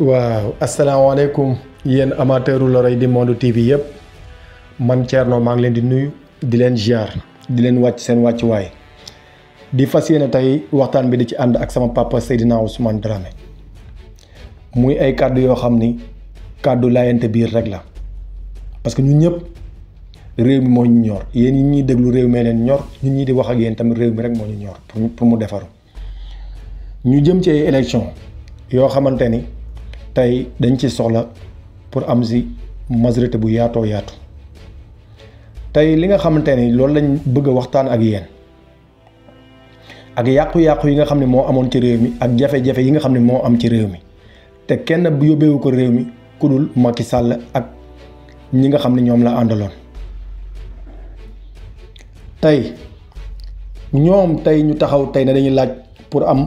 waaw asalaamaaleykum yéen amateuru l'oreille du monde TV yëpp man Thierno maa ngi leen di nuyu di leen ziar di leen wàcc seen wàccuwaay di fas yéene tey waxtaan bi di ci ànd ak sama papa Seydina Ousmane Dramé muy ay kàddu yoo xam ni kàddu laayante biir rek la parce que ñu ñëpp réew mi moo ñu ñor yéen yi ñuy déglu réew mi leen ñor ñun ñi di wax ak yéen tamit réew mi rek moo ñu ñor pour mu defaru ñu jëm ci ay élection yoo xamante ni. tey dañ ci soxla pour am si majorité bu yaatoo yaatu tey li nga xamante ni loolu lañ bëgg a waxtaan ak yéen ak yàqu-yàqu yi nga xam ne moo amoon ci réew mi ak jafe yi nga xam ne moo am ci réew mi te kenn bu yóbbeewu ko réew mi ku dul ci sàll ak ñi nga xam ne ñoom la àndaloon tey ñoom tey ñu taxaw tey ne dañuy laaj pour am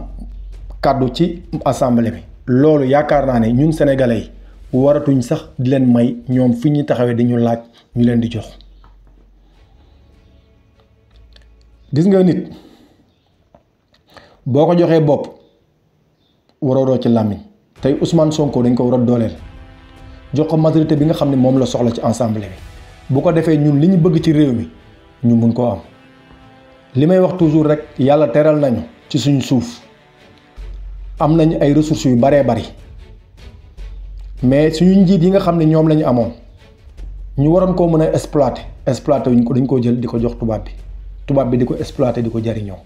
kàddu ci assemblée bi loolu yaakaar naa ne ñun sénégalais yi waratuñ sax di leen may ñoom fi ñu taxawee di ñu laaj ñu leen di jox gis nga nit boo ko joxee bopp waroo ci làmmiñ tey Ousmane Sonko dañ ko war a dooleel jox ko maturité bi nga xam ne moom la soxla ci ensemble bi bu ko defee ñun li ñu bëgg ci réew mi ñu mun koo am li may wax toujours rek yàlla teral nañu ci suñu suuf am nañu ay ressources yu baree bari mais suñu njiit yi nga xam ne ñoom la ñu amoon ñu waroon koo mën a exploiter exploiter wuñ ko dañ koo jël di ko jox tubaab bi tubaab bi di ko exploiter di ko jariñoo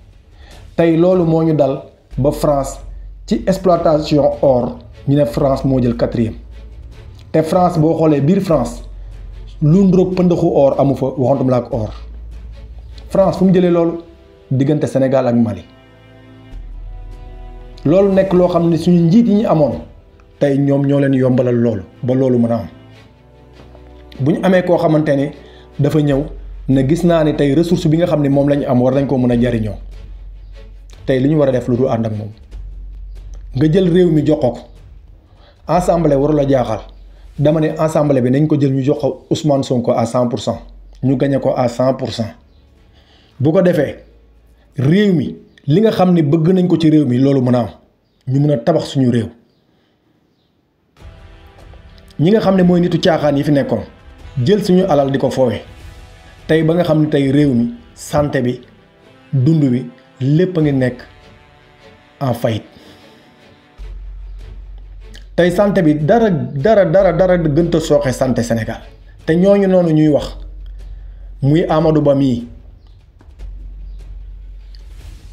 tey loolu moo ñu dal ba France ci exploitation or ñu ne France moo jël quatrième te France boo xoolee biir France lu nduroog pëndaxu or amu fa waxantuma la ak or France fu jëlee loolu diggante Sénégal ak Mali. loolu nek lo xam ne suñu njit yi ñu amoon tey ñoom ñoo leen yombalal loolu ba loolu mëna am buñ amé ko koo ne dafa ñew na gis naa ne tey ressource bi nga xam mom moom am war nañ ko mëna jariño tay liñu wara def lu du and ak mom nga jël réew mi jox ko assemblée waru la jaxal dama ne assemblée bi nañ ko jël ñu jox Ousmane Sonko à 100 ñu gagné ko à 100 bu ko défé réew mi. li nga xam ni bëgg nañ ko ci réew mi loolu mën a am ñu mën a tabax suñu réew ñi nga xam ne mooy nitu caaxaan yi fi nekkoon jël suñu alal di ko foowe tey ba nga xam ne tey réew mi santé bi dund bi lépp a ngi nekk en faillite tey santé bi dara dara dara dara gënta sooxe santé senegal te ñooñu noonu ñuy wax muy Amadou Ba mii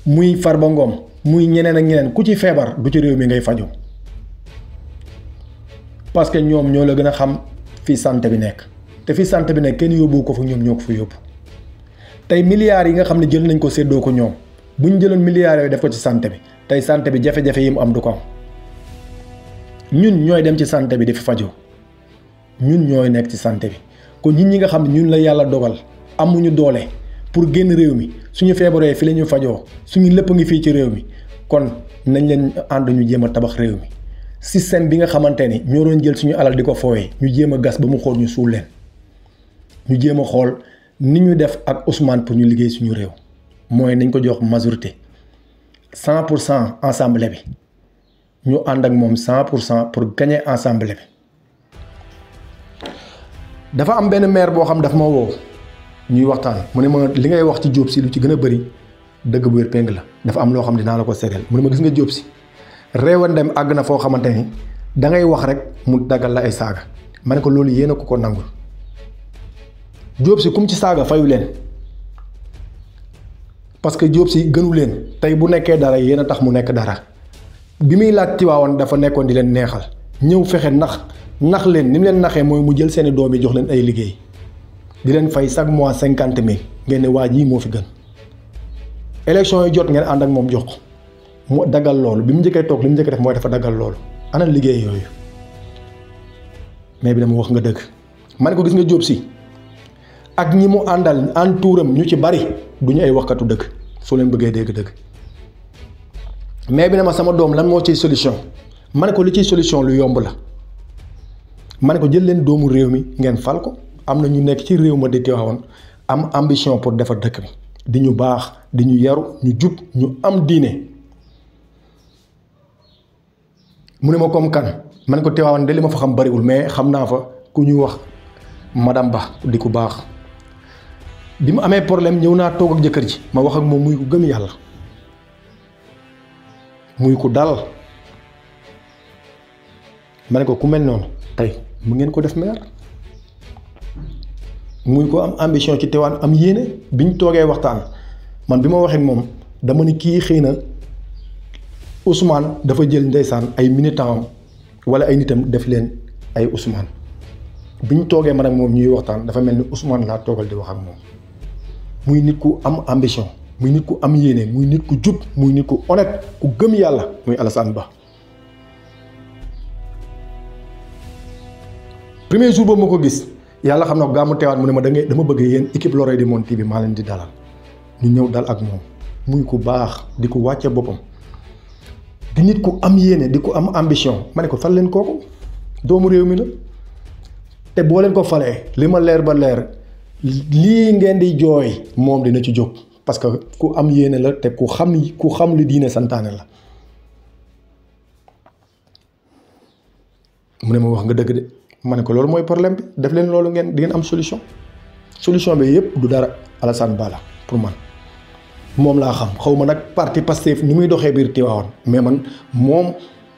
muy ba ngoom muy ñeneen ak ñeneen ku ci feebar du ci réew mi ngay faju parce que ñoom ñoo la gën a xam fi santé bi nekk te fi santé bi nekk kenn yóbbu ko fa ñoom ñoo ko fa yóbbu tey milliards yi nga xam ne jël nañ ko séddoo ko ñoom bu ñu jëloon milliards yooyu def ko ci sante bi tey santé bi jafe-jafe yi mu am du ko am ñun ñooy dem ci sante bi di fi faju ñun ñooy nekk ci santé bi kon ñun ñi nga xam ne ñun la yàlla dogal amuñu doole. pour génn réew mi suñu feebaree fi la ñuy fajoo suñu lépp ngi fii ci réew mi kon nañ leen ànd ñu jéem a tabax réew mi système bi nga xamante ni ñoo jël suñu alal di ko fooyee ñu jéem a gas ba mu xool ñu suul ñu jéem a xool ni ñu def ak Ousmane pour ñu liggéey suñu réew mooy nañ ko jox majorité cent pour cent assemblée bi ñu ànd ak moom cent pour cent pour gagner assemblée bi dafa am benn maire boo xam daf ma woo. ñuy waxtaan mu ne ma li ngay wax ci job si lu ci gëna bari dëgg bu wër peng la dafa am loo xam dinaa la ko seedeel mu ne ma gis nga Diop si réewandem ag na foo xamante ni da ngay wax rek mu dagal la ay saaga ma ne ko loolu yéen ko ko nangul job si kum ci saaga fayu leen parce que job si gënu leen tey bu nekkee dara yéen a tax mu nekk dara bi muy laaj tiwaawan dafa nekkoon di leen neexal ñëw fexe nax nax leen ni mu leen naxee mooy mu jël doom jox leen ay liggéey di leen fay chaque mois cinquante mille ngeen ne waa jii moo fi gën élection yi jot ngeen ànd ak moom jox ko mu daggal loolu bi mu njëkkee toog li mu njëkkee dafa daggal loolu ana liggéey yooyu mais bi dama wax nga dëgg man ko gis nga Diop si ak ñi mu àndal entouram ñu ci bari du ñu ay waxkatu dëgg soo leen bëggee dégg dëgg mais bi ne ma sama doom lan moo ciy solution ma ne ko li ciy solution lu yomb la ma ne ko jël leen doomu réew mi ngeen fal ko am na ñu nekk ci réew ma di am ambition pour defar dëkk bi di ñu baax di ñu yaru ñu jub ñu am diine mu ne ma comme kan man ko Tiwaawan de li ma fa xam bariwul mais xam naa fa ku ñu wax madame Ba di ku baax bi mu amee problème ñëw naa toog ak jëkkër ji ma wax ak moom muy ku gëm yàlla muy ku dal ma ko ku mel noonu tey mu ngeen ko def meer muy ko am ambition ci Tiwaan am yéene bi ñu toogee waxtaan man bi ma waxee moom dama ni kii xëy na Ousmane dafa jël ndeysaan ay militant wala ay nitam def leen ay Ousmane bi ñu toogee man ak moom ñuy waxtaan dafa mel ni Ousmane laa toogal di wax ak moom muy nit ku am ambition muy nit ku am yéene muy nit ku jub muy nit ku honnête ku gëm yàlla muy Alassane Ba premier jour ma ko gis. yàlla xam na ko gàmmu teewaat mu ne ma da ngay dama bëgg yéen équipe L'oreille du Monde TV maa leen di dalal ñu ñëw dal ak moom muy ku baax di ko wàcce boppam di nit ku am yéene di ko am ambition ma ne ko fal leen kooku doomu réew mi la te boo leen ko falee li ma leer ba leer lii ngeen di jooy moom dina ci jóg parce que ku am yéene la te ku xam ku xam li diine santaane la mu ne ma wax nga dëgg de mané ko lolu moy problème bi def len lolu ngén di ngén am solution solution bi yépp du dara Alassane Bala pour man mom la xam xawma nak parti passif ni muy doxé bir Tivaouane mais man mom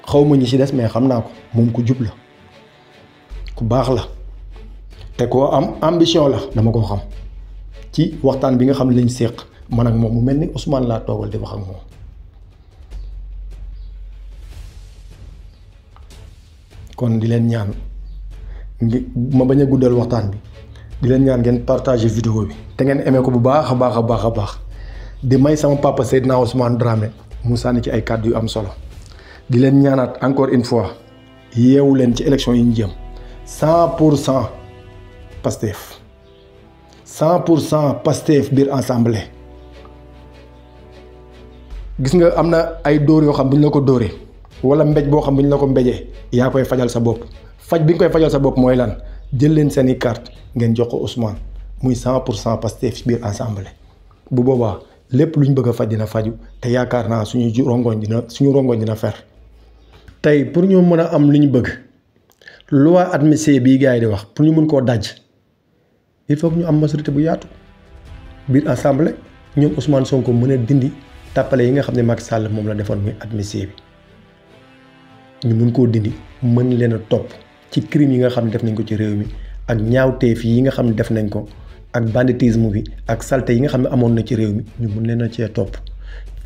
xawma ñi ci dess mais xamna ko mom ko ku bax la té ko am ambition la dama ko xam ci waxtaan bi nga xam ne séx man ak mom mu melni Ousmane la togal di wax ak mom kon di len ñaan ma bañ a guddal waxtaan bi di leen ñaan ngeen partager vidéo bi te ngeen aimé ko bu baax a baax a baax a baax di may sama papa Seydina Ousmane Dramé Moussa ni ci ay kàddu yu am solo di leen ñaanaat encore une fois yeewu leen ci élection yi ñu jëm 100 pour cent Pastef 100 pour cent Pastef biir ensemble gis nga am na ay door yoo xam buñ la ko dóoree wala mbéj boo xam buñ la ko mbéjee yaa koy fajal sa bopp faj biñ koy fajal sa bop moy lan jël len seni i carte ngeen jox ko Ousmane muy 100 pour cent Pastef ci biir assemblée bu boba lepp luñ bëgg faj dina faju te yaakar na suñu rongoñ dina suñu rongoñ dina fer. tay pour ñu mëna am lu bëgg loi admissé bi gaay di wax pour ñu mën ko daj il faut ñu am majorité bu yaatu bir ensemble ñom Ousmane Sonko mëna dindi tapalé yi nga xamné Macky Sall mom la défon muy admissé bi ñu mën ko dindi mën leena top ci crime yi nga xam def nañ ko ci réew mi ak ñaawteef yi nga xam def nañ ko ak banditisme bi ak salte yi nga xam ne amoon na ci réew mi ñu mun leen a cee topp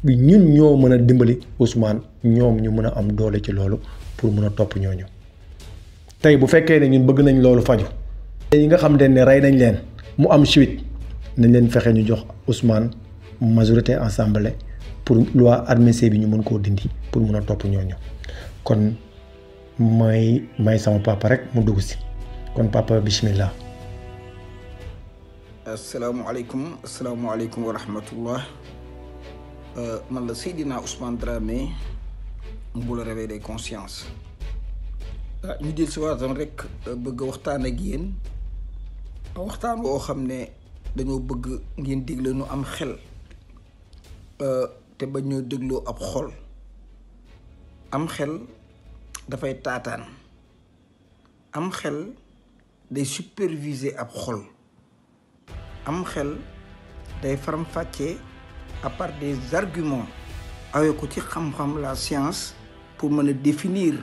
ñun ñoo mën a dimbali Ousmane ñoom ñu mën a am doole ci loolu pour mën a topp ñooñu tey bu fekkee ne ñun bëgg nañ loolu faju yi nga xam ne rey nañ leen mu am suite nañ leen fexe ñu jox Ousmane majorité assemblée pour loi amnistie bi ñu mën koo dindi pour mën a topp ñooñu kon may may sama papa rek mu dugg si kon papa bismillah asalaamaaleykum asalaamaaleykum wa rahmatullah euh, man la Seydina Ousmane Dramé bu la réveil des consciences ah, ñu del si waatam rek euh, bëgg waxtaan ak yéen waxtaan woo xam ne dañoo bëgg ngeen déglu nu am xel euh, te bañ ñoo dégloo ab xol am xel dafay tatane am xel day superviser ab xol am xel day faram-fàccee à part des arguments awee ko ci xam-xam la science pour mën définir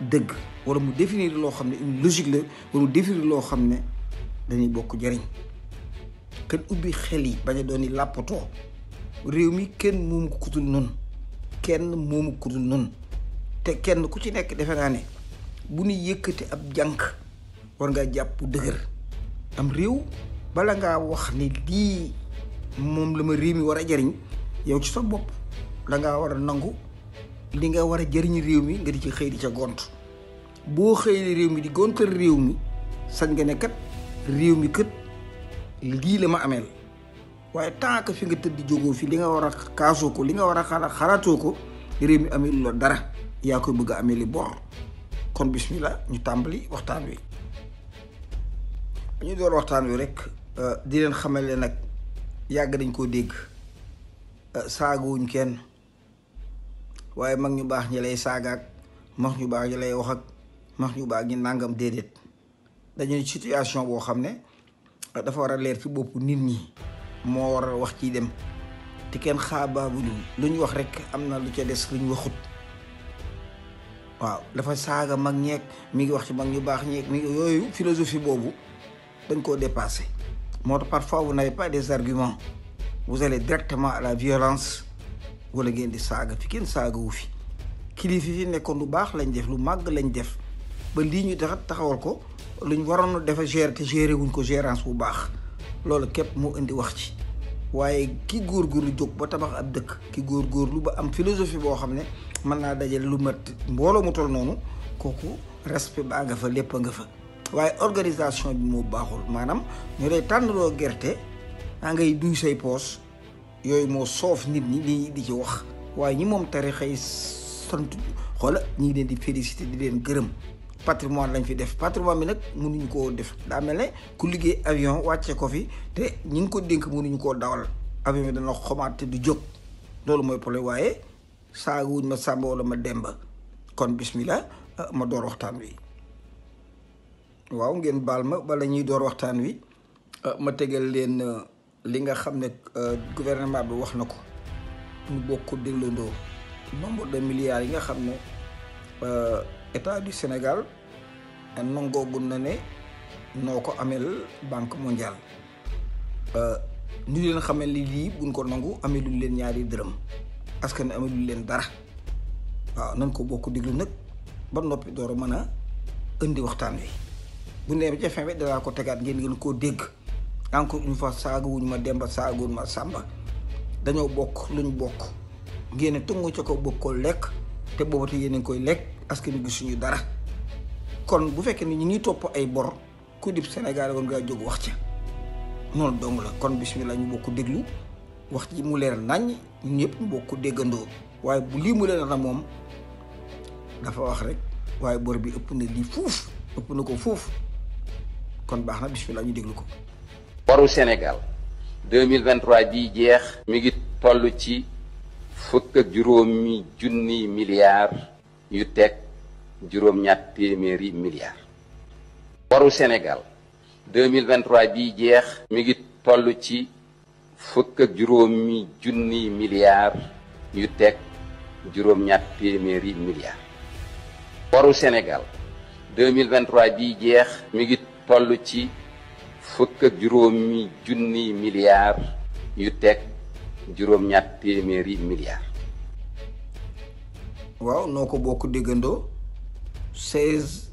deug wala mu définir lo xamné une logique la wala mu définir lo xamné dañuy bokk jëriñ kenn ubi xel yi baña doni doon làppatoo réew mi kenn moomu ko kutul noonu kenn moomu ko kutul noonu te kenn ku ci nekk defe naa ne bu ñu yëkkati ab jànq war nga jàpp dëgër am réew bala ngaa wax ni lii moom la ma réew mi war a jariñ yow ci sa bopp da ngaa war a nangu li nga war a jëriñ réew mi nga di ci xëy di ca gont boo xëy réew mi di gontal réew mi sañ nga ne kat réew mi kët lii la ma ameel waaye tant que fi nga tëdd jógoo fi li nga war a kaasoo ko li nga war a xalaatoo ko réew mi amee loolu dara yaa koy bëgg amee li bon kon bismillah ñu tàmbali waxtaan wi ñu door waxtaan wi rek euh, di leen xamale nag yàgg dañ koo dégg euh, saagawuñ kenn waaye mag ñu baax ñi lay saagaak max ñu baax ñi lay wax ak mag ñu baax ñi nàngam déedéet dañuy situation boo xam ne euh, dafa war a leer ci boppu nit ñi moo war a wax ci dem te kenn xaabaabu lu ñu wax rek am na lu ca des lu ñu waxut waaw dafa saaga mag ñeeg mi ngi wax ci mag philosophie parfois vous n'avez pas des arguments vous allez directement à la violence wala ngeen di saaga fi kenn saaga wu fi fi nekkoon lu baax lañ def lu màgg lañ def ba ñu taxawal ko gérer te wuñ ko gérance bu baax loolu képp moo indi wax ci waaye ki des jóg ba philosophie man naa dajale lu mat mbooloo mu tol noonu kooku respect baa nga fa lépp nga fa waaye organisation bi moo baaxul maanaam ñu lay tànnaloo gerte daa ngay duy say poos yooyu moo soof nit ñi di di ci wax waaye ñi moom tarixa yi sant xoola ñu ngi leen di félicité di leen gërëm patrimoine lañ fi def patrimoine bi nag mënuñu koo def daa mel ne ku liggéey avion wàcce ko fi te ñi ngi ko dénk mënuñu koo dawal avion bi dana xomaat te du jóg loolu mooy problème waaye saagawuñ ma sàmba wala ma demba kon bismillah eh, ma door waxtaan wi waaw ngeen bal ma bala ñuy door waxtaan wi eh, ma tegal leen eh, li nga xam ne gouvernement bi wax na ko ñu bokk déglandoo nombre de milliards yi nga xam ne état du sénégal na ne noo ko amel banque mondiale ñu leen xamel li lii buñ ko nangu ameluñ leen ñaari dërëm askan wi amalu leen dara waaw nan ko bokk diglu nag ba noppi door a mën a indi waxtaan wi bu nee ba ca fin bi ko tegaat ngeen ngeen koo dégg encore une fois saagawuñ ma Demba saagawuñ ma Sàmba dañoo bokk luñ bokk ngeen tungu ca ko bokkoo lekk te boobu te yéen a ngi koy lekk askan wi gisuñu dara kon bu fekkee ni ñu ngi topp ay bor ku dib Sénégal woon ngaa jóg wax ca noonu dong la kon bismillah ñu bokk déglu. wax ji mu leer nañ ñun ñëpp ñu bokk déggandoo waaye bu lii mu leer na moom dafa wax rek waaye bor bi ëpp na lii fuuf ëpp na ko fuuf kon baax na bisimilah ñu déglu ko. boru Sénégal deux mille vingt bii jeex. mi ngi toll ci fukk ak juróomi yu teg juróom-ñaat téeméeri milliards. boru mille vingt trois bii mi ngi toll ci. fukk ak juróomi junni milliard ñu tek juroom ñaat téméri milliard boru Sénégal 2023 bi jeex mi ngi tollu ci fukk ak juróomi junni milliard ñu tek juroom ñaat téméri milliard waaw noo ko bokk déggandoo seize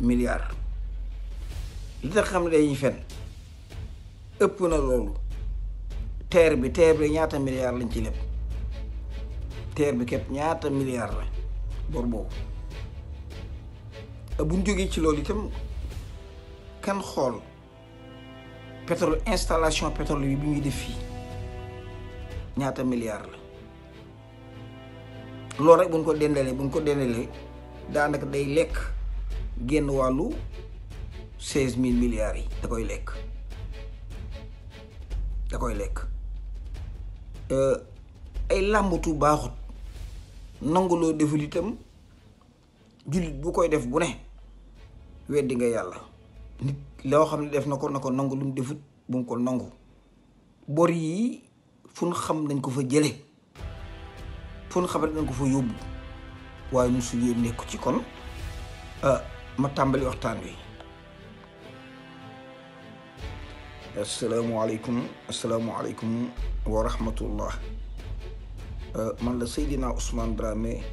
milliards li tax xam ne dañuy fenn ëpp na loolu teer bi teer bi ñaata milliards lañ ci lépp teer bi képp ñaata milliards la bor boobu buñ jógee ci loolu itam kan xool pétrole installation pétrole yi bi ñuy def fii ñaata milliards la loolu rek buñ ko dendalee buñ ko dendalee daanaka day lekk génn wàllu seize mille milliards yi da koy lekk da koy lekk Euh, ay làmbatu baaxut nanguloo deful itam jullit bu koy def bu ne weddi nga yàlla nit loo xam ne def na ko na ko nangu lum mu defut bu mu ko nangu bor yi fu ñu xam dañ ko fa jële fu ñu xam dañ ko fa yóbbu waaye musul yooyu nekku ci kon euh, ma tàmbali waxtaan wi السلام عليكم السلام عليكم ورحمة الله أه، من سيدنا عثمان درامي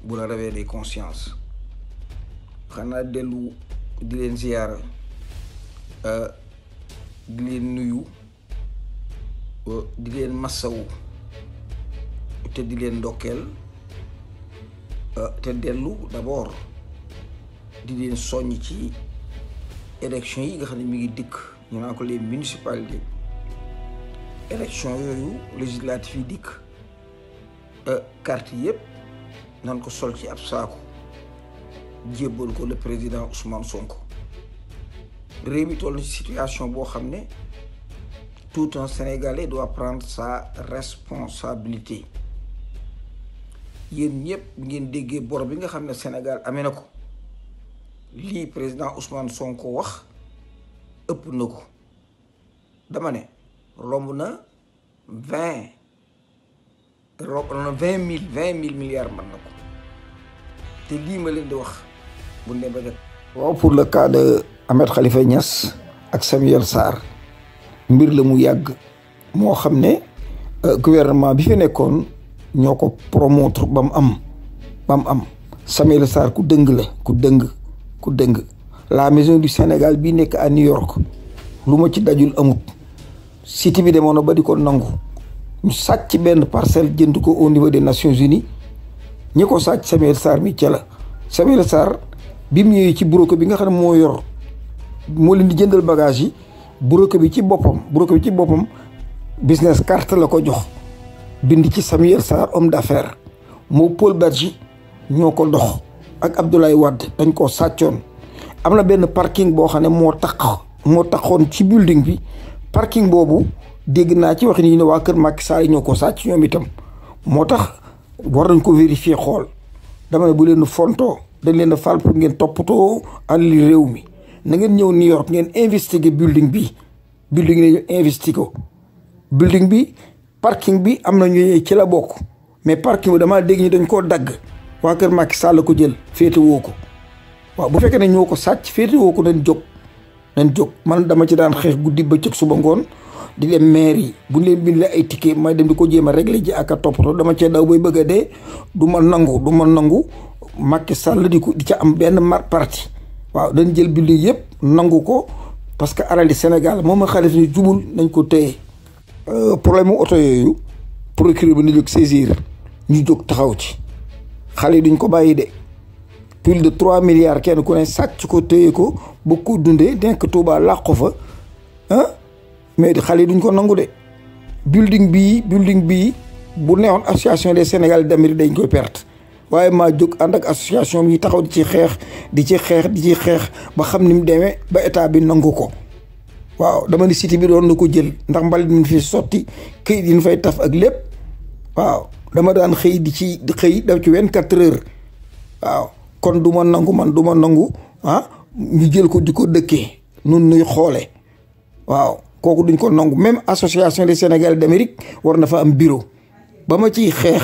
بولا ربي دي كونسيانس أه، أه، خانا دلو دلين زيارة دلين نيو دلين مساو تدلين دوكل تدلو دابور دلين سونيكي إلكشن يغخني ميغي ديك y y ko les municipalités élection yooyu législative yi dikk e carte dans le ko sol ci ab saako le président Ousmane Sonko Rémi, la situation amener, tout un Sénégalais doit prendre sa responsabilité yéen ñëpp ngeen déggee bor bi nga xam le Sénégal amee na Li président Ousmane Sonko wax. ëpp na ko dama ne romb na vingt romb na vingt mille vingt mille milliards mën na ko te lii ma leen di wax bu ne ba waaw pour le cas de Ahmed Khalifa ak Samuel Sarr mbir la mu yàgg moo xam ne euh, gouvernement bi fi nekkoon ñoo ko promotre ba mu am ba am Samuel Sarr ku dëng la ku dëng ku dëng la maison du Sénégal bi nekk à New York lu ma ci dajul amut site bi demoon na ba di ko nangu ñu sàcc benn parcelle jënd ko au niveau des Nations Unies ñi ko sàcc Samuel Sarr mi ca la Sarr bi mu ñëwee ci broker bi nga xam ne moo yor moo leen jëndal bagage yi broker bi ci boppam broker bi ci boppam business carte la ko jox bind ci Samuel Sarr homme d'affaires moo Paul Badji ñoo ko dox ak Abdoulaye wadd dañ koo sàccoon am na benn parking boo xam ne moo tax moo taxoon ci building bi parking boobu dégg naa ci wax ni ne waa kër Macky Sall ñoo ko sàcc ñoom moo tax war nañ ko vérifier xool dama bu leen fontoo dañ leen a ngeen toppatoo àlli réew mi na ngeen ñëw New ngeen investiguer building bi building ne ko building bi parking bi am na ci la bokk mais parking bi damaa dégg ñu dañ koo dagg waa kër Macky Sall ko jël féete ko waaw bu fekkee ne ñoo ko sàcc féete woo ko nañ jóg nañ jóg man dama ci daan xeex guddi ba cëg suba ngoon di dem maire yi bu ñu leen bindee ay ticket may dem bi ko jéema a régler ji ak a toppatoo dama cee daw bay bëgg de dee du ma nangu du ma nangu Macky Sall di ko di ca am benn mar parti waaw dañ jël bi lii yëpp nangu ko parce que alali Sénégal moom a xale xaalis ñu jubul nañ ko téye euh, problème mu oto yooyu procureur bi na jóg saisir ñu jóg taxaw ci xale yi duñ ko bàyyi de plus de trois milliards kenn ku ne sàcc ko téye ko ba ko dundee denk Touba làq ko fa ah mais xale yi duñ ko nangu de building bii building bii bu neexoon association des Sénégalais d'Amérique dañ koy perte waaye maa jóg ànd ak association bi taxaw di ci xeex di ci xeex di ci xeex ba xam ni mu demee ba état bi nangu ko waaw dama ni cité bi doon na ko jël ndax mbalit mi fi sotti këyit yi ñu fay taf ak lépp waaw dama daan xëy di ci xëy daf ci vingt-quatre heures kon du ma nangu man du ma nangu ah ñu jël ko di ko dëkkee nun nuy xoole waaw kooku duñ ko nangu même association des Sénégalais d'Amérique war na fa am bureau ba ma ciy xeex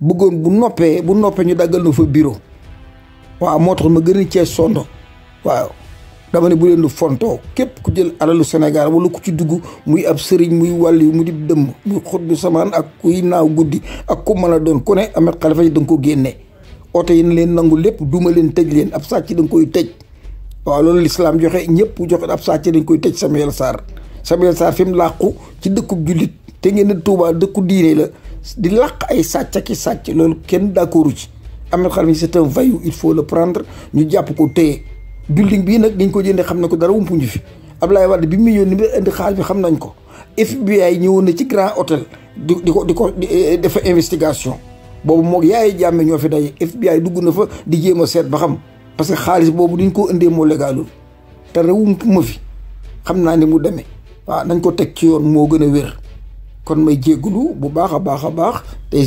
bëggoon bu noppee bu noppee ñu daggal na fa bureau waaw moo tax ma gën a cee sondo waaw dama ne bu leen lu fontoo képp ku jël alalu Sénégal wala ku ci dugg muy ab sëriñ muy wàll yu mu di dëmm muy xut bu samaan ak kuy naaw guddi ak ku mën a doon ku ne Ahmed Khalifa ji da nga ko génne oto yi leen nangu lépp duma leen leen ab sàcc dañ koy tëj waaw loolu lislaam joxe ñëpp joxe ab sàcc dañ koy tëj Samuel Sarr Samuel Sarr fi mu làqu ci dëkkub jullit te ngeen di Tuubaa dëkku diine la di làq ay sàcc ki sàcc loolu kenn d'accordu ci Ahmed Khalifa c'est un voyou il faut le prendre ñu jàpp ko téye building bii nag dañ ko jëndee xam ne ko dara wumpuñu fi Ablaye Wade bi mu ñëw ni mu indi xaalis bi xam nañ ko FBI ñëwoon na ci Grand Hôtel di di ko di ko di eh, defa investigation boobu moog yaay jàmme ñoo fi daje FBI dugg na fa di jéem a seet ba xam parce que xaalis boobu dañ ko indee moo légalul te rewum ma fi xam naa ni mu demee waaw nañ ko teg ci yoon moo gën a wér kon may jéggulu bu baax a baax a baax te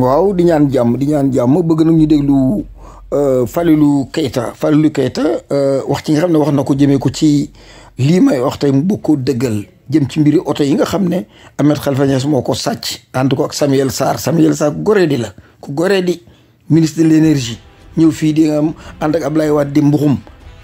waaw di ñaan jàmm di ñaan jàmm bëgg nag ñu déglu Euh, Falilou Keita Falilou Keita euh, wax ci nga xam ne wax na ko jëme ko ci lii may wax tey mu bëgg ko dëggal jëm ci mbiri oto yi nga xam ne am Khalifa Niass moo ko sàcc ànd ko ak Samuel Sarr Samuel Sarr di la ku goree di ministre de l'énergie ñëw fii di am ànd ak lay Wade di mbuxum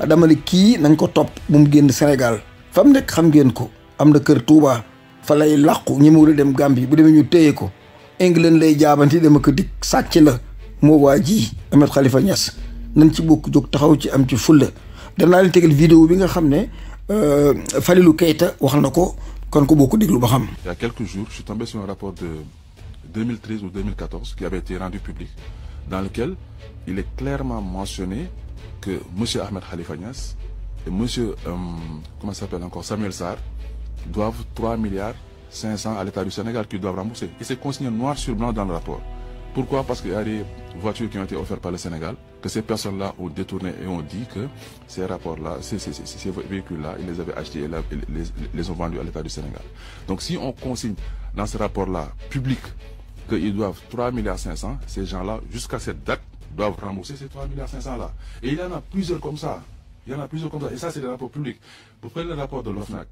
dama ne kii nañ ko topp bu mu génn Sénégal fa mu nekk xam ngeen ko am na kër Touba fa lay làqu ñi mu war a dem Gambie bu demee ñu téye ko England lay jaabanti dama ko dikk sacc la il y a quelques jours je suis tombé sur un rapport de 2013 ou 2014 qui avait été rendu public dans lequel il est clairement mentionné que monsieur Ahmed Khalifa et monsieur euh, comment s'appelle encore Samuel Sar doivent 3 milliards 500 à l'État du Sénégal qui doivent rembourser et c'est consigné noir sur blanc dans le rapport. Pourquoi Parce qu'il y a des voitures qui ont été offertes par le Sénégal, que ces personnes-là ont détourné et ont dit que ces rapports-là, ces, véhicules-là, ils les avaient achetés et les, ont vendus à l'État du Sénégal. Donc si on consigne dans ce rapport-là public qu'ils doivent 3,5 milliards ces gens-là, jusqu'à cette date, doivent rembourser ces 3,5 milliards là. Et il y en a plusieurs comme ça. Il y en a plusieurs comme ça. Et ça, c'est le rapport public. Vous prenez le rapport de l'OFNAC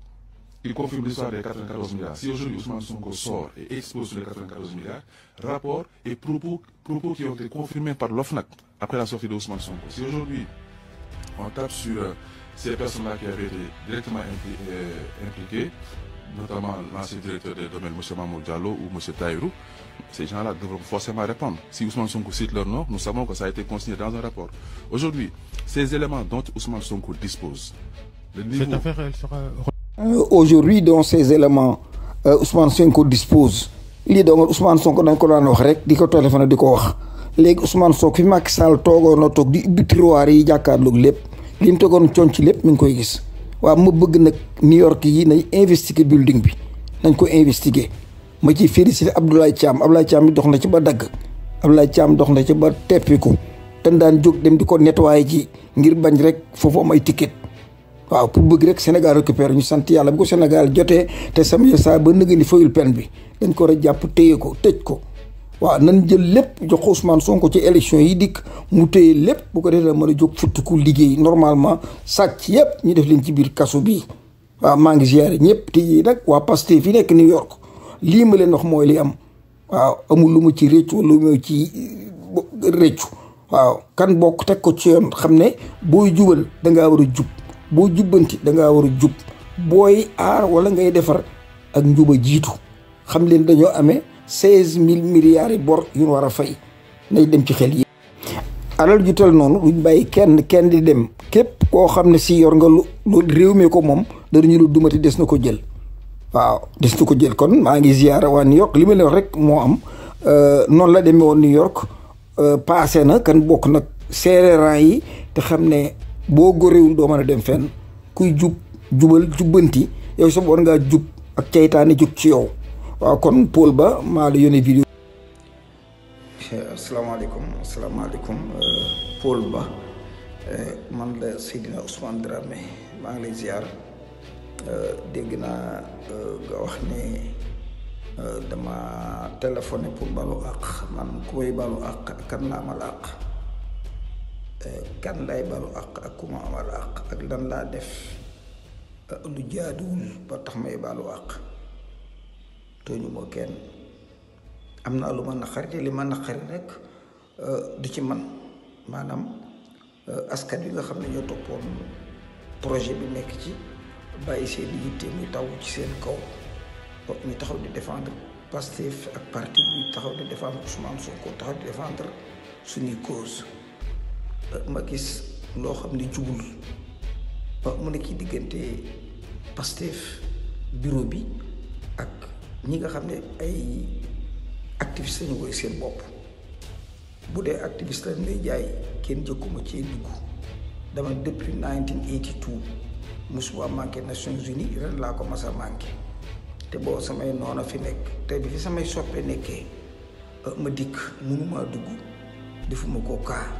il confirme l'histoire des 94 milliards. Si aujourd'hui Ousmane Sonko sort et expose les 94 milliards, rapport et propos, propos qui ont été confirmés par l'OFNAC après la sortie d'Ousmane Sonko. Si aujourd'hui on tape sur euh, ces personnes-là qui avaient été directement euh, impliquées, notamment l'ancien directeur des domaines, M. Mamoud Diallo ou M. Taïrou, ces gens-là devront forcément répondre. Si Ousmane Sonko cite leur nom, nous savons que ça a été consigné dans un rapport. Aujourd'hui, ces éléments dont Ousmane Sonko dispose, Cette affaire, elle sera euh, aujourd'hui dans ces éléments euh, Ousmane Sonko dispose il est donc Ousmane Sonko dañ ko wax rek diko téléphone diko wax léegi Ousmane Sonko fi Macky Sall togo na tok di ubbi tiroir yi jàkkaarloog lépp li mu toogoon coon ci lépp koy gis wa mo bëgg nak New York yi nay investiguer building bi nañ ko investiguer ma ci félicité Abdoulaye Thiam Abdoulaye Thiam bi dox na ci ba dag Abdoulaye Thiam dox na ci ba teppiku tan dan jóg dem diko nettoyer ci ngir bañ rek fofu am ay ticket waaw pour bëgg rek Sénégal récupère ñu sant yàlla bu ko Sénégal jotee te Samuel Sarr ba nëgë ni fayul peine bi dañ ko war a jàpp téye ko tëj ko waaw nan jël lépp jox Ousmane Sonko ci élection yi dikk mu téye lépp bu ko defee da mën a jóg futtiku liggéey normalement sàcc yëpp ñu def leen ci biir kaso bii waaw maa ngi ziare ñëpp te yii nag waa Pastef fi nekk New York lii ma leen wax mooy li am waaw amul lu mu ci réccu wala lu mu ci réccu waaw kan bokk teg ko ci xam ne booy jubal da war a jub boo jubbanti da ngaa war a jub booy aar wala ngay defar ak njuba jiitu xam leen dañoo ame seize mille milliards yi yu ñu war a fay nay dem ci xel yi. alal ju noonu duñ bàyyi kenn kenn di dem képp koo xam ne si yor nga lu lu réew mi ko moom danañu lu dumati des na ko jël waaw des na ko jël kon maa ngi ziyaara waa New York li ma leen wax rek moo am euh, noonu la demee woon New York euh, passé na kan bokk nag séeréeran yi te xam ne. bo góorewul mana mën a dem fenn kuy jub jubal jubanti yow sa war nga jub ak ceytaane jub ci yow waaw kon Paul Ba maa la yónnee vidéo eh, asalaamaaleykum asalaamaaleykum eh, Paul Ba eh, man la sidina Ousmane drame maa ngi lay ziar dégg naa nga wax ne dama téléphoné pour balu àq man ku may balu àq kan laa àq kan lay balu àq ak ku ma amal ak lan laa def lu jaaduwul ba tax may balu too tooñu ma kenn am naa lu ma naqari te li ma naqari rek euh, du ci man maanaam euh, askan wi nga xam ne ñoo toppoon projet bi nekk ci bàyyi seen yitte ñu taw ci seen kaw ñu taxaw di défendre Pastef ak parti bi taxaw di défendre Ousmane Sonko taxaw di défendre suñuy cause ma gis loo xam ne jubul mu nekk ci diggante Pastef bureau bi ak ñi nga xam ne ay activiste lañu woy seen bopp bu dee activiste lañ lay jaay kenn jëkkuma cee dugg dama depuis 1982 musuma manqué Nations Unies ren laa ko mas a manqué te boo samay noona fi nekk te bi fi samay soppe nekkee ma dikk mënumaa dugg defuma ko kaa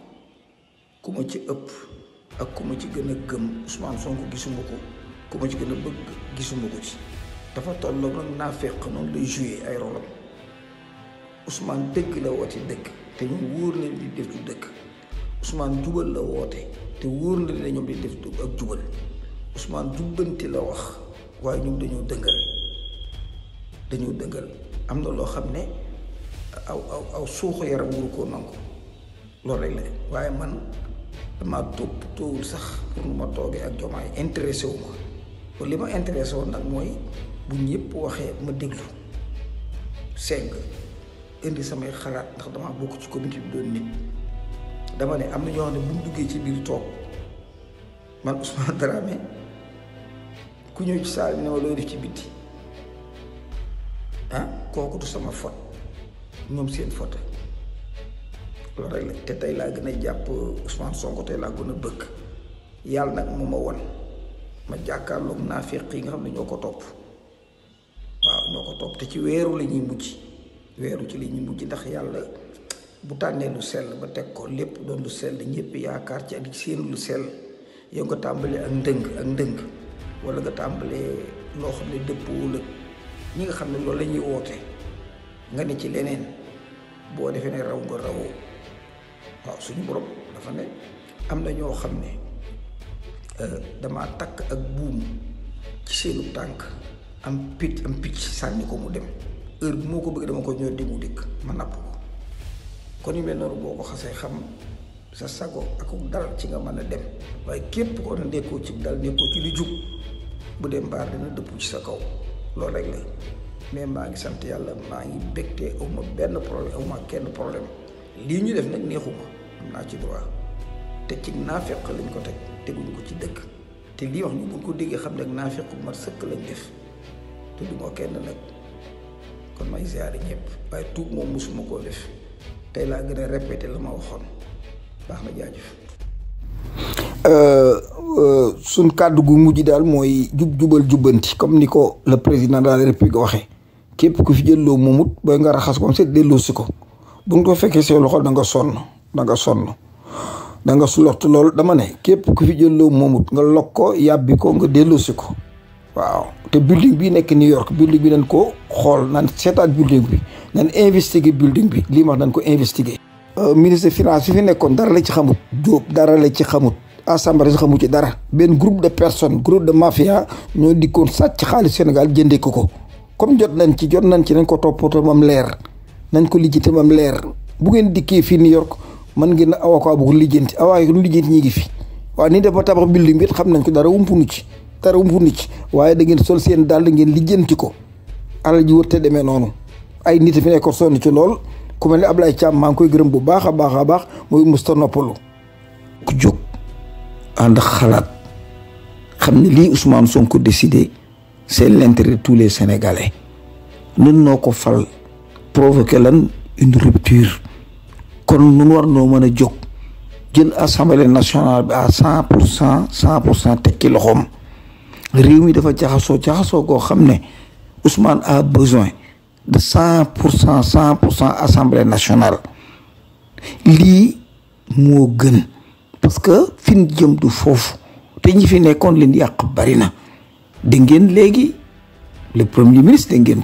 ku ma ci ëpp ak ku ma ci gën a gëm Ousmane Sonko gisuma ko ku ma ci gën a bëgg gisuma ko ci dafa tolloog nag naa fekk noonu lay joué ay rolam Ousmane dëgg la woote te ñu wóor def du dëgg Ousmane jubal la woote te wóor na ne ñoom di def ak jubal Ousmane jubbanti la wax waaye ñoom dañoo dëngal dañoo dëngal am na loo xam ne aw aw aw suuxu yaram wuru nangu loolu la waaye man dama toppatoowul sax pour nu ma toogee ak jomaay intéressé wu li ma intéressé woon nag mooy bu ñëpp waxee ma déglu segg indi samay xalaat ndax damaa bokk ci comité bi doon nit dama ne am na ñoo xam ne bu ñu duggee ci biir toog man Ousmane Dramé ku ñëw ci saal bi ne ma loo ci bitti ah kooku du sama fot moom seen fote loolu rek la te tey laa gën a jàpp Ousmane Sonko tey laa gën a bëgg yàlla nag mu ma won ma jàkkaarloog naafiq yi nga xam ne ñoo ko topp waaw ñoo ko topp te ci weeru la ñuy mujj weeru ci la ñuy mujj ndax yàlla bu tànnee lu sell ba teg ko lépp doon lu sell ñëpp yaakaar ci ak seen lu sell yow nga tàmbalee ak ndëng ak ndëng wala nga tàmbalee loo xam ne dëppoo la ñi nga xam ne loolu lañuy woote nga ne ci leneen boo defee ne raw nga rawoo. waaw suñu borom dafa ne am na ñoo xam ne euh, damaa takk ak buum ci seenu tànk am picc am picc sànni ko mu dem heure bi moo ko bëggee dama ko ñëw di mu dikk ma napp ko kon yu mel noonu boo ko xasee xam sa sago ak dal ci nga mën a dem waaye képp ko ne nekkoo ci dal nekkoo ci lu jub bu dee mbaar dina dëpp ci sa kaw loolu rek la mais maa ngi sant yàlla maa ngi bégte aw ma benn problème aw ma kenn problème lii ñu def nag neexuma am naa ci droit te ci naafeq lañ ko teg teguñu ko ci dëkk te lii wax ñu buñ ko déggee xam ne naafeq bu sëkk lañ def te du ma kenn nag kon may ziare ñëpp waaye tuub moom mosuma la ma waxoon baax na jaajëf. Euh, euh, suñ kàddu gu mujj daal mooy jub jubal jubbanti comme ni ko le président de la république waxee képp ku fi jëlloo moomut booy nga raxas ko set delloo si ko. bu ko fekkee si loxo da nga sonn da nga sonn da nga sulort lol dama ne képp ku fi jël lo momut nga lokko yabbi ko nga delloosi ko waaw te building bi nek New York building bi nan ko xol nan seetaat building bi nan investiguer building bi lima ma nan ko investiguer euh, ministre des finances fi nekkon dara la ci xamut job dara la ci xamut assemblée xamut ci dara ben groupe de personnes groupe de mafia ñoo dikkoon sacc xaliss Sénégal jëndee ko ko comme jot nañ ci jot nañ ci nañ ko topoto mom leer nañ ko lijjanti mam leer bu ngeen dikkee fii New York man ngeen avocat bu ko lijjanti avocat yi lijjanti ñi ngi fi waaw ni def ba tabax building bi xam nañ ko dara umpunu ci dara umpunu ci waaye da ngeen sol seen daal ngeen lijjanti ko alal ji wërte demee noonu ay nit fi nekkoon sonn ci lool ku mel ne Ablaye Thiam maa ngi koy gërëm bu baax a baax a baax mooy musta noppalu ku jóg ànd xalaat xam ne lii Ousmane Sonko décidé c'est l'intérêt de tous les nun noo ko fal provoquer une rupture. Quand nous nous sommes en train assemblée nationale à 100%, 100% de l'homme. Réunion de Fatiaso, Tiaso, Gohamne, Ousmane a besoin de 100%, 100% Assemblée nationale. Li Mougen. Parce que, fin de du fof, t'es fini qu'on l'indique barina. Dengen légui, le premier ministre, dengen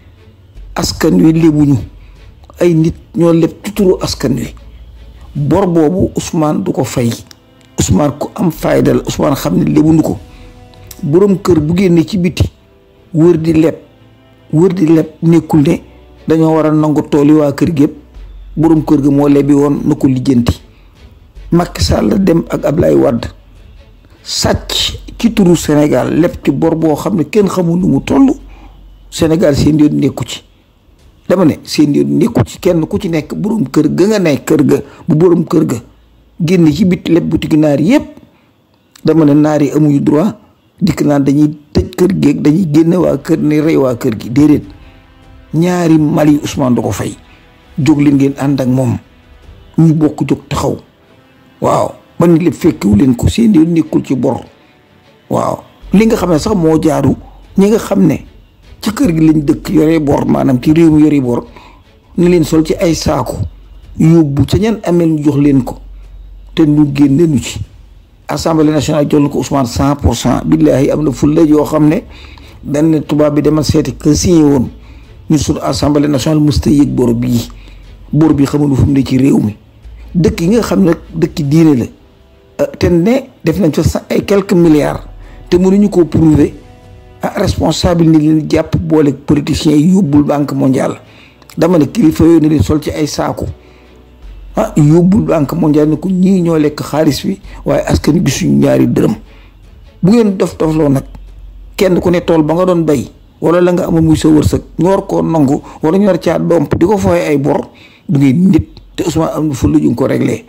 askan wi lébuñu ay nit ñoo leb tuturu askan wi bor boobu Ousmane du ko fay Ousmane ku am fayda la xam ne lébuñu ko boroom kër bu génnee ci biti wër di leb wër di leb nekkul ne dañoo war a nangu tool yi waa kër gépp boroom kër gi moo lebi woon na ko lijjanti Macky la dem ak Ablaye Wade sàcc ci turu Sénégal leb ci bor boo xam ne kenn xamul nu mu toll Sénégal seen yoon nekku ci dama ne seen yoon nekkul ci kenn ku ci nekk borom kër ga nga nekk kër ga bu borom kër ga génn ci bit lépp boutique naar yëpp dama ne naar yi amuñu droit dikk naan dañuy tëj kër geeg dañuy génne waa kër ne rey waa kër gi déedéet ñaari Mali Ousmane da ko fay jóg leen ngeen ànd ak moom ñu bokk jóg taxaw waaw ba nit lépp fekkewu leen ko seen yoon nekkul ci bor waaw li nga xam ne sax moo jaaru ñi nga xam ne ci kër gi lañ dëkk yore bor maanaam ci réew mi yore boor ni leen sol ci ay saako yóbbu ca ñan amel ñu jox leen ko te ñu génne nu ci assemblée nationale jox ko Ousmane cent pour cent billaahi am na fulla yoo xam ne dañ ne tubaab bi demal seeti que signé woon ñu suñu assemblée nationale musta yëg bor bii bor bi xamuñu fu mu ne ci réew mi dëkk yi nga xam ne dëkk diine la te ne def nañ fa ay quelques milliards te mënuñu ko prouver Ah, responsable ni leen japp boole politiciens yi yóbbul banque mondiale dama ne kilifa yooyu ne leen sol ci ay saaku ah yóbbul banque mondiale ne ko ñii ñoo lekk xaalis bi waaye askan gisuñu ñaari dërëm bu ngeen dof dofloo nag kenn ku ne tool ba nga doon bay wala la nga amoon muy sa wërsëg ñu ko nangu wala ñu war caa domp di ko fooye ay bor du ngeen nit te Ousmane am na fu la ko réglé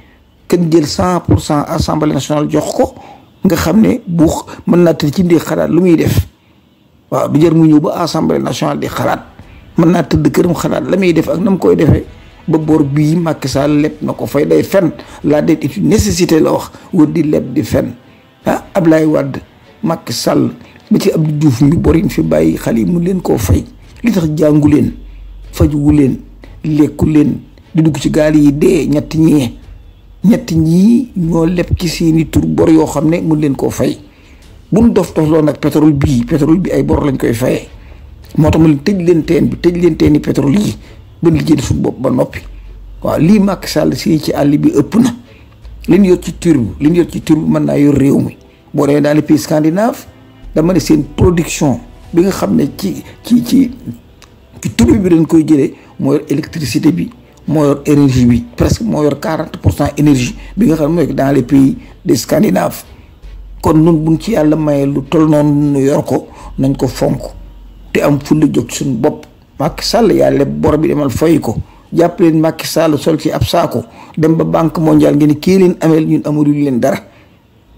kenn jël 100% assemblée nationale jox ko nga xam ne bu mën naa tëdd ci ndi xalaat lu muy def wa bi jeur mu ñu ba assemblée ah, nationale di xalat man na tëdd këram xalaat la muy def ak nam koy defee ba bor bi Macky ah, Sall lepp nako fay day fen la dette est une nécessité la wax wër di leb di fen ah ablay wad Macky Sall bi ci Abdou Diouf mi borin fi bàyyi xale yi mun leen fay li tax jangulen faju wulen lekulen di dugg ci gal yi de ñet ñi ñet ñi ñoo lepp ki seeni tour bor yo xamne mu len ko fay bu nu dof dofloo nag pétrole bii pétrole bi ay bor lañ koy fayee moo tax ma leen tëj leen teen bi tëj leen teeni pétrole yi ba liggéey suñu bopp ba noppi waaw lii Macky Sall si ci àll bi ëpp na li ñu yor ci turbi li ñu yor ci turbi mën naa yor réew mi boo demee dans les pays scandinaves dama ne seen production bi nga xam ne ci ci ci ci bi dañ koy jëlee moo yor électricité bi moo yor énergie bi presque moo yor quarante pour cent énergie bi xam ne mooy dans les pays des scandinaves kon nun buñ ci yàlla maye lu tol non nu yor ko nañ ko fonk te am fulla jog sun bopp Macky Sall yàlla bor bi demal fay ko jàpp leen Macky Sall sol ci ab saako dem ba banque mondiale ngeen kii leen amel ñun amulul leen dara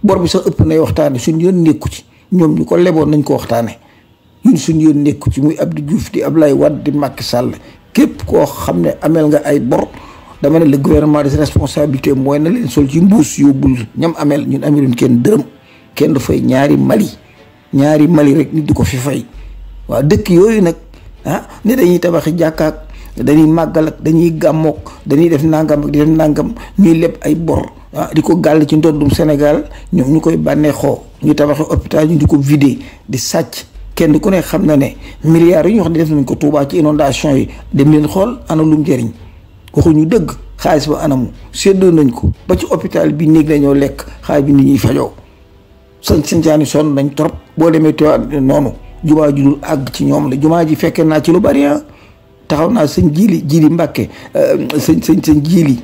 bor bi sax ëpp nay waxtaane suñ yoon nekku ci ñoom ñu ko leboon nañ ko waxtaane ñun suñ yoon nekku ci muy Abdou Diouf di Ablaye wad di Macky Sall képp koo xam ne nga ay bor dama ne le gouvernement des responsabilités mooy na leen sol ci mbuus yóbbul ñam amel ñun kenn dërëm kenn du fay ñaari Mali ñaari Mali rek nit du ko fi fay waa dëkk yooyu nag ah ne dañuy tabaxi jàkkaak dañuy màggal ak dañuy gàmmook dañuy def nangam ak di def nangam ñuy leb ay bor ah di ko gàll ci ndoddum Sénégal ñoom ñu koy bànneexoo ñu tabaxi hôpital yi di ko vider di sàcc kenn ku ne xam na ne milliards yi ñu wax di def nañ ko Touba ci inondation yi dem leen xool ana lum njëriñ waxuñu dëgg xaalis ba anamu séddoo nañ ko ba ci hôpital bi néeg nañoo lekk xaalis bi nit ñuy sëñ Sintiaan yi sonn nañ trop boo demee Tiwaawan noonu jumaa ji dul àgg ci ñoom la jumaa ji fekkee naa ci lu bari ah. taxaw naa sëñ jiili jiili Mbàkke euh, sëñ sëñ sëñ jiili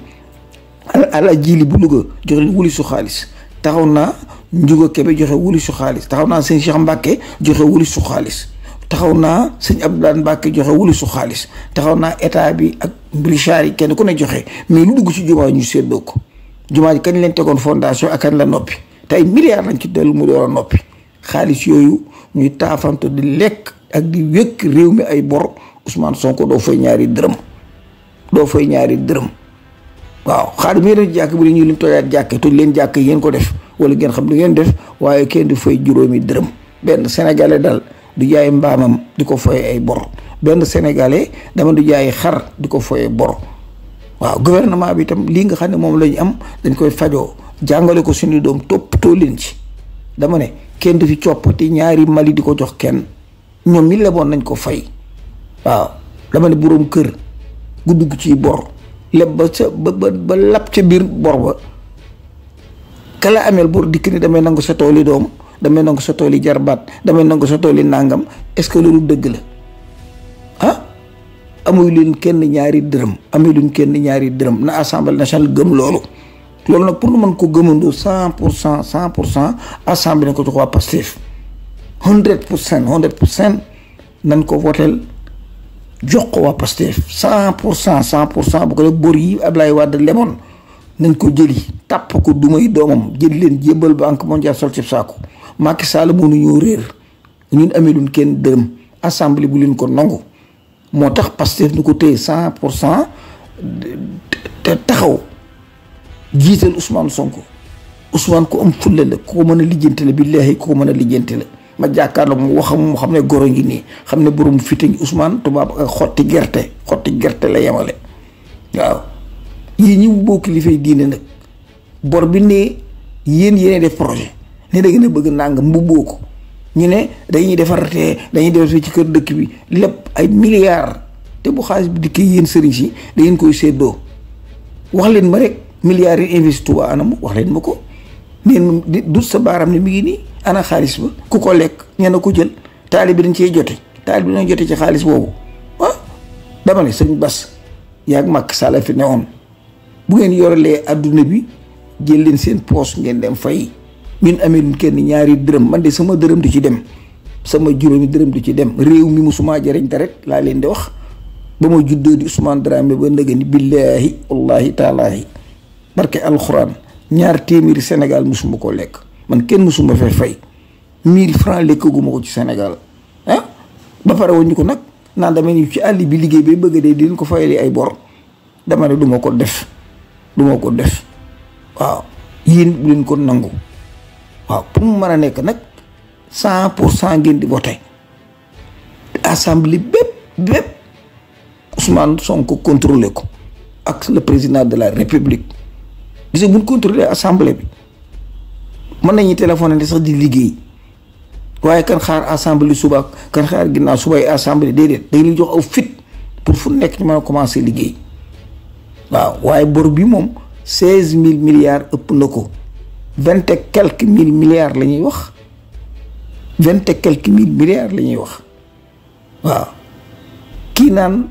ala jiili bu Louga joxe wuli su xaalis taxaw naa Njuga Kebe joxe wuli su xaalis taxaw naa sëñ Cheikh Mbàkke joxe wuli su xaalis taxaw naa sëñ Abdoulaye Mbàkke joxe wuli su xaalis taxaw naa état bi ak Richard yi kenn ku ne joxe mais lu dugg ci jumaa ñu séddoo ko jumaa ji kañ leen tegoon fondation ak kañ la noppi tey milliards lañ ci dellu mu door a noppi xaalis yooyu ñuy taafantu di lekk ak di wékk réew mi ay bor Ousmane Sonko doo fay ñaari dërëm doo fay ñaari dërëm waaw xaalis mi leen bu li ñu lim tojaat jàkke toj leen jàkk yéen ko def wala ngeen xam lu ngeen def waaye kenn du fay juróomi dërëm benn sénégalais dal du jaay mbaamam di ko foye ay bor benn sénégalais dama du jaay xar di ko foye bor waaw gouvernement bi itam lii nga xam ne moom lañu am dañ koy fajoo jangale ko suñu top to leen ci dama ne kenn du fi ciopati ñaari mali diko jox kenn ñom mi lebon nañ ko fay waaw dama ne boroom kër gu ci bor leb ba ca ba lap ci bir bor ba kala amel bor dik ni dama nangu sa toli dom dama nangu sa toli jarbat dama nangu sa toli nangam est-ce que lu deug la ah amuy leen kenn ñaari deureum amuy leen kenn ñaari deureum na assemblée nationale gem loolu nag pour nu mën ko gëmandoo cent pour cent cent pour cent assemblée nañ ko jox waa Pastef hundred pour cent hundred pour cent nan ko voteel jox ko waa Pastef cent pour cent cent pour cent bu ko def bor yi Ablaye Wade lemoon nañ ko jëli tàpp ko dumay doomam jël leen jébbal banque mondial sol cib saako Macky Sall nu ñoo réer ñun ameluñ kenn dërëm assemblée bu leen ko nangu moo tax Pastef nu ko téye cent pour cent te taxaw jiital Ousmane Sonko Ousmane ku am fulla la ko mën a lijjante la billaahi ku ko mën a lijjante la ma jàkkaarloo mu waxam mu xam ne goro ngi nii xam ne borom fite ngi Ousmane tubaab eh, xotti gerte xotti gerte la yemale waaw yéen ñi bokk li diine nag bor bi ne yéen yéen def projet ne da gën bëgg nangam mbubboo ko ñu ne dañuy defar te dañuy defar ci kër dëkk bi lépp ay milliards te bu xaalis bi dikk yéen sëriñ si da ngeen koy séddoo wax leen ma milliards yi investi Touba anam wax leen ma ko neen dut sa baaraam ne mi ngi nii ana xaalis ba ku ko lekk ñenn ko jël taali bi dañ cee jote taali bi dañ jote ci xaalis boobu demale ah, dama ne sëñ Bas yaag Macky Sall fi newoon bu ngeen yorelee adduna bi jël leen seen poos ngeen dem fay ñun amee kenn ñaari dërëm man de sama dërëm du ci dem sama juróomi dërëm du ci dem réew mi musuma jëriñ te rek laa leen di wax ba ma juddoo di Ousmane Dramé ba ndëgëni billaahi wallaahi taalaahi barke alxuraan ñaar témir sénégal musuma ko lek man kenn musuma fee fay francs lek guma ko ci sénégal hein ah? ba pare woni ko nak na dama ñu ci ali bi liggéey bi bëgg dé diñ ko fayali ay bor dama né duma ko def duma ko def waaw yéen buñ ko nangu waaw pour mu mëna nek nak 100% cent ngeen di voté assemblée bép bép Ousmane Sonko contrôlé ko ak le président de la république gis nga bu ñu contrôler assemblée bi mën nañu téléphoné di sax di liggéey waaye kan xaar assemblée suba kan xaar ginnaaw suba ay assemblée déedéet dañuy jox aw fit pour fu nekk ñu mën a commencé liggéey waaw waaye bor bi moom seize mille milliards ëpp na ko vingt et quelques mille milliards la ñuy wax vingt et quelques milliards la ñuy wax waaw kii naan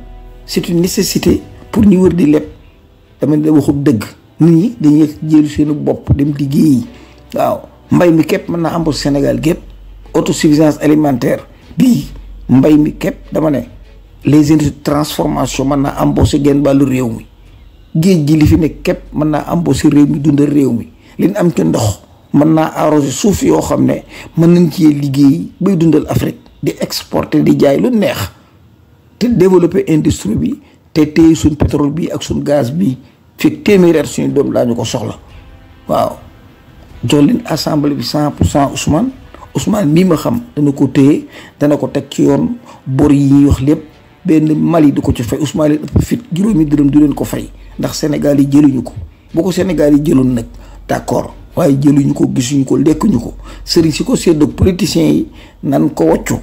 c'est une nécessité pour ñu wër di leb dama ne waxul dëgg. nit ñi dañuy jël seenu bopp dem liggéeyi waaw mbay mi képp mën naa am Sénégal gépp autosuffisance alimentaire bii mbay mi képp dama ne les industries transformation mën naa embauché genn wàllu réew mi géej gi li fi nekk képp mën naa am embauché réew mi dundal réew mi liñ am ci ndox mën naa arrosé suuf yoo xam ne mën nañ ci liggéey bay dundal Afrique di exporter di jaay lu neex te développer industrie bi te téye suñ pétrole bi ak suñ gaz bi fi téméré suñu dom lañu ko soxla waaw jollin assemblée bi 100% Ousmane Ousmane mi ma xam dana ko téyé dana ko tek ci yoon bor yi ñuy wax lepp benn Mali du ko ci fay Ousmane leen ëpp fit juróomi dërëm du leen ko fay ndax Sénégal yi jëluñu ko bu ko Sénégal yi jëlun nak d'accord waye jëluñu ko gisuñu ko lekkuñu ko sëriñ ci ko sédd politiciens yi nan ko waccu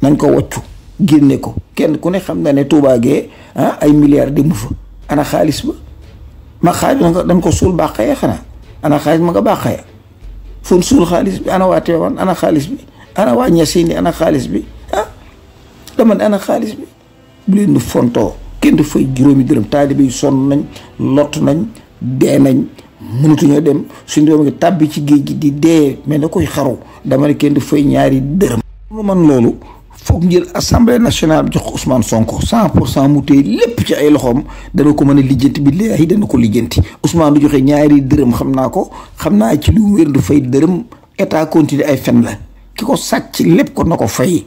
nan ko waccu génne ko kenn ku ne xam na né Touba gee ah, ay milliards dem fa ana xaalis ba ma xaaj nga dañ ko suul bàqa ya xanaa ana xaaj ma nga baax ya fu ñu xaalis bi ana waa Teewaan ana xaalis bi ana waa Ñasini ana xaalis bi ah dama ne ana xaalis bi bu leen di fontoo kenn du fay juróomi dërëm taalibe yi sonn nañ lot nañ dee nañ mënatuñoo dem suñu doom gi tàbbi ci géej gi di dee mais na koy xaru dama ne kenn du fay ñaari dërëm. lu man loolu foog njël assemblée nationale jox ko Ousmane Sonko cent pour cent mu téye lépp ci ay loxoom dana ko mën a lijjanti bi léegi dana ko lijjanti Ousmane du joxe ñaari dërëm xam naa ko xam naa ci lu wér du fay dërëm état continuer ay fen la ki ko sàcc lépp ko na ko fay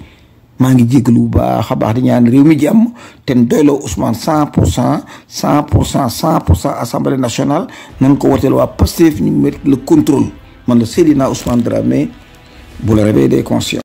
maa ngi jégalu bu baax a baax di ñaan réew mi jàmm te doyloo Ousmane cent pour cent cent pour cent cent pour cent assemblée nationale nan ko woteel waa Pastef ñu mettre le contrôle man la Seydina Ousmane Dramé bu la réveil des consciences